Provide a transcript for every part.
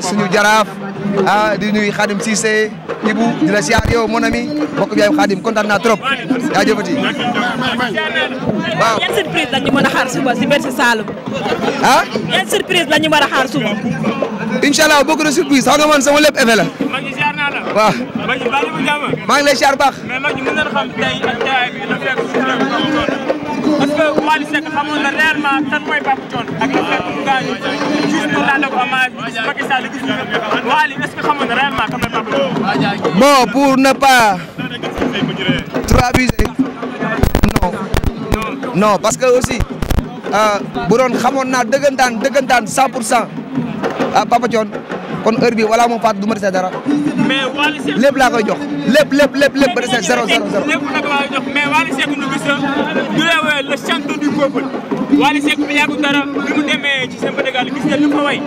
suñu jaraaf ah di nuyu Khadim Cissé Ibou di la siyaar yow mon ami mbokk bi yaay Khadim kontaan naa trop yaa jëfati waaw. yan surprise la ñu mën a xaar suba si Bercy Saloum. ah yan surprise la ñu mën a xaar suba. incha allah bokk na surprise xam nga man sama lépp effet la. waaw. maa ngi lay siyaar baax. parce que Wally Seck xamoon na réellement kan mooy Pape Thione ak le fait que mu gaañu gis na réellement kan bon pour ne pas trop abuser non non parce que aussi euh, bu doon xamoon naa dëggantaan dëggantaan 100 pour cent euh, Pape Thione kon heure bi wala moo faat du ma dara. mais lépp laa koy jox lépp lépp lépp lépp ba dese zéro zéro zéro. lépp nag laa koy jox mais Wally Seck ñu gis ñu lay woowee le chanteur du peuple Wally Seck bi yàggu dara bi mu demee ci seen bëtëgal gis nga li mu fa way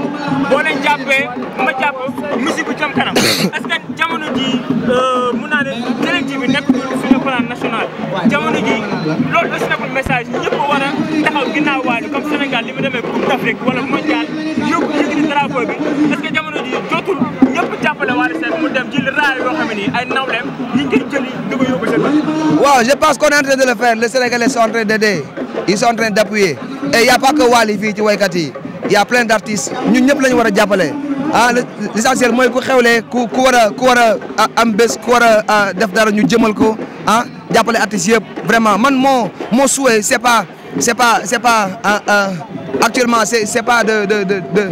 boo leen jàppee ma jàpp musique bi jëm kanam est-ce que jamono jii euh, mun naa ne téléji bi nekk suñu plan national jamono jii loolu la si nekkul message ñëpp war a taxaw ginnaaw mu demee Coupe Marie Sène mu dem jëli raay yoo xam ne nii ay nawleem ñu ngi koy jëli di ko yóbbu sa waaw je pense qu'on est en train de le faire les Sénégalais sont en train d'aider ils sont en train d'appuyer et y a pas que Wally fii ci waykat yi y a plein d'artistes ñun ñëpp la ñu war a jàppale ah l'essentiel mooy ku xewlee ku ku war a ku war a am bés ku war a def dara ñu jëmal ko ah jàppale artistes yëpp vraiment man moo moo souhait c'est pas c'est pas c'est pas actuellement c'est c'est pas de de de de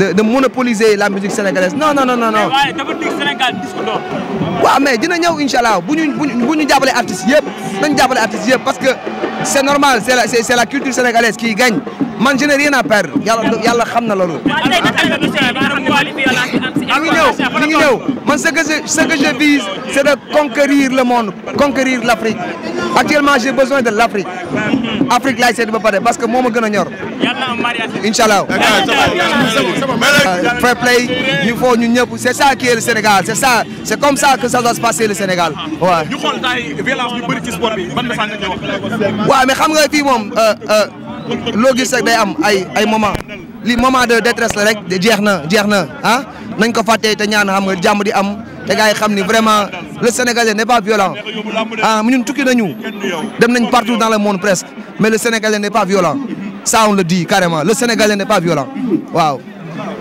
de de la musique sénégalaise non non non non. mais waaye dafa dig Sénégal incha allah bu ñu bu ñu jàppale artistes yëpp nañ jàppale artistes parce que c' normal c' la c' est, c' est la culture sénégalaise qui gagne man je n'ai rien à perdre yàlla yàlla xam na loolu. mi ngi ñëw mi ngi ñëw man ce je ce que de conquérir le monde conquérir l' actuellement j'ai besoin de l'Afrique mhm. Afrique laay ba pare parce que moo ma gën a ñor. incha allah. fair play ñu foo ñu ñëpp c' ça qui est le Sénégal c' ça c' comme ça que ça doit se le Sénégal waaw. ñu mais xam nga fii moom euh, euh, loo gis rek day am ay ay moment li moment de détresse la rek jeex na jeex na ah nañ ko fàttee te ñaan xam nga di am te gars xam ni vraiment. le Sénégalais n'est pas violent ah ñun tukki nañu dem nañ partout dans le monde presque mais le Sénégalais n'est pas violent ça on le dit carrément le Sénégalais n'est pas violent waaw.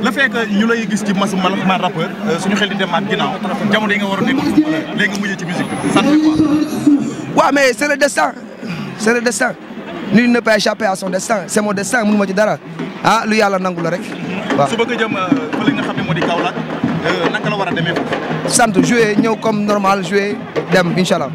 le fait ñu lay gis ci masu man man rappeur euh, suñu xel di demaat ginnaaw jamono yi nga war a nekk léegi mujjee ci musique ça ne waaw mais c'est le destin c'est ne peut échapper à son destin c'est mon destin mënu ma ci dara ah lu yàlla nangu la rek sant jouer ñëw comme normal jouer dem incha allah.